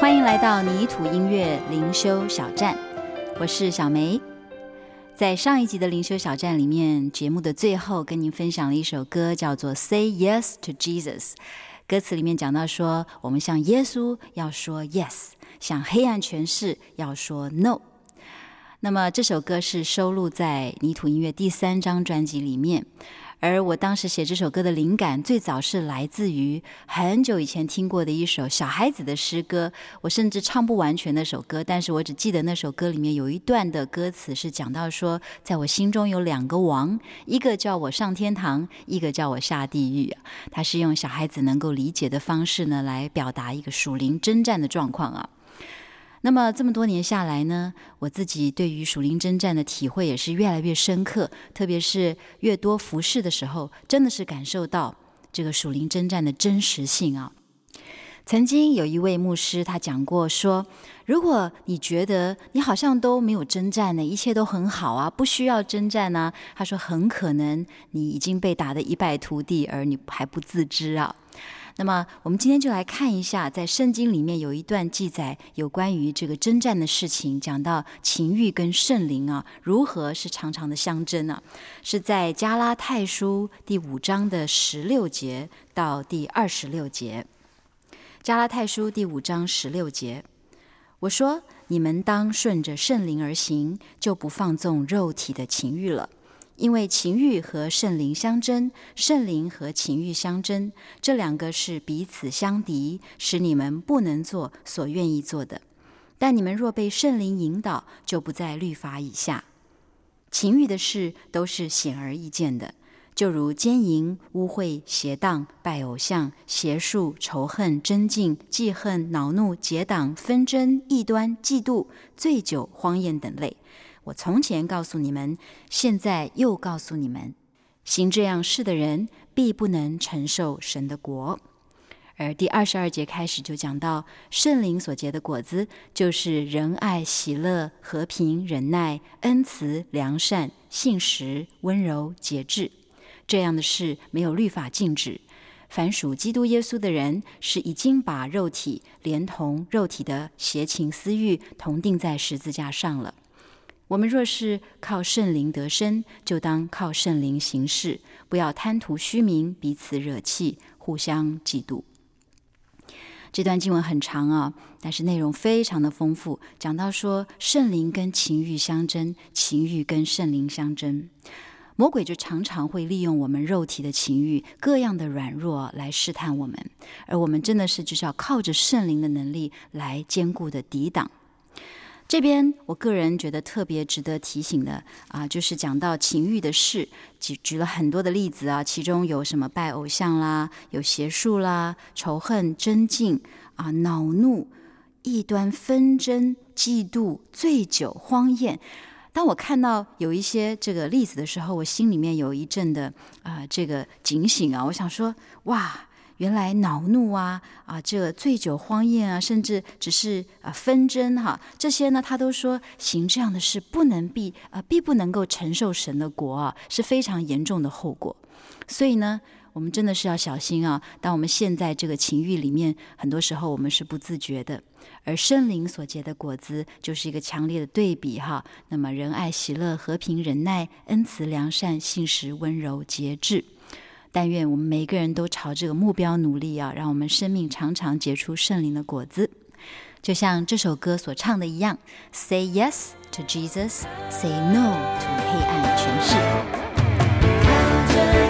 歡迎來到泥土音樂靈修小站，我是小梅。在上一集的靈修小站裡面，節目的最後跟您分享了一首歌，叫做《Say Yes to Jesus》。歌詞裡面講到說，我們向耶穌要說 yes，向黑暗權勢要說 no。那麼這首歌是收錄在泥土音樂第三張專輯裡面。而我當時寫這首歌的靈感，最早是來自於很久以前聽過的一首小孩子的詩歌。我甚至唱不完全那首歌，但是我只記得那首歌裡面有一段的歌詞是講到說，在我心中有兩個王，一個叫我上天堂，一個叫我下地獄。它是用小孩子能夠理解的方式呢，來表達一個屬靈征戰的狀況啊。那麼這麼多年下來呢，我自己對於屬靈征戰的體會也是越來越深刻，特別是越多服侍的時候，真的是感受到這個屬靈征戰的真實性啊。曾經有一位牧師他講過說，如果你覺得你好像都沒有征戰呢，一切都很好啊，不需要征戰呢、啊，他說很可能你已經被打得一敗塗地，而你還不自知啊。那麼，我們今天就來看一下在，在聖經裡面有一段記載，有關於這個征戰的事情，講到情欲跟聖靈啊，如何是常常的相爭呢？是在加拉太書第五章的十六節到第二十六節。加拉太書第五章十六節，我說：你們當順着聖靈而行，就不放縱肉體的情欲了。因為情慾和聖靈相爭，聖靈和情慾相爭，這兩個是彼此相敵，使你們不能做所願意做的。但你們若被聖靈引導，就不在律法以下。情慾的事都是顯而易見的，就如姦淫、污穢、邪蕩、拜偶像、邪術、仇恨、爭競、忌恨、惱怒、結黨、紛爭、異端、嫉妒、醉酒、荒宴等類。我從前告訴你們，現在又告訴你們：行這樣事的人，必不能承受神的國。而第二十二節開始就講到，聖靈所結的果子，就是仁愛、喜樂、和平、忍耐、恩慈、良善、信實、溫柔、節制。這樣的事沒有律法禁止。凡屬基督耶穌的人，是已經把肉體連同肉體的邪情私慾同釘在十字架上了。我們若是靠聖靈得生，就當靠聖靈行事，不要貪圖虛名，彼此惹氣，互相嫉妒。這段經文很長啊，但是內容非常的豐富，講到說聖靈跟情欲相爭，情欲跟聖靈相爭，魔鬼就常常會利用我們肉體的情欲、各樣的軟弱來試探我們，而我們真的是就是要靠着聖靈的能力來堅固的抵擋。這邊我個人覺得特別值得提醒的啊，就是講到情欲的事，舉舉了很多的例子啊，其中有什麼拜偶像啦，有邪術啦，仇恨、爭競啊、惱怒、異端紛爭、嫉妒、醉酒荒宴。當我看到有一些這個例子的時候，我心裡面有一陣的啊、呃，這個警醒啊，我想說哇。原來惱怒啊啊，這醉酒荒宴啊，甚至只是啊紛爭哈、啊，這些呢他都說行這樣的事不能避啊、呃，必不能夠承受神的國啊，是非常嚴重的後果。所以呢，我們真的是要小心啊。當我們現在這個情欲裡面，很多時候我們是不自覺的，而聖靈所結的果子就是一個強烈的對比哈、啊。那麼仁愛、喜樂、和平、忍耐、恩慈、良善、信實、溫柔、節制。但願我們每個人都朝這個目標努力啊！讓我們生命常常結出聖靈的果子，就像這首歌所唱的一樣：“Say yes to Jesus, say no to 黑暗的權勢。”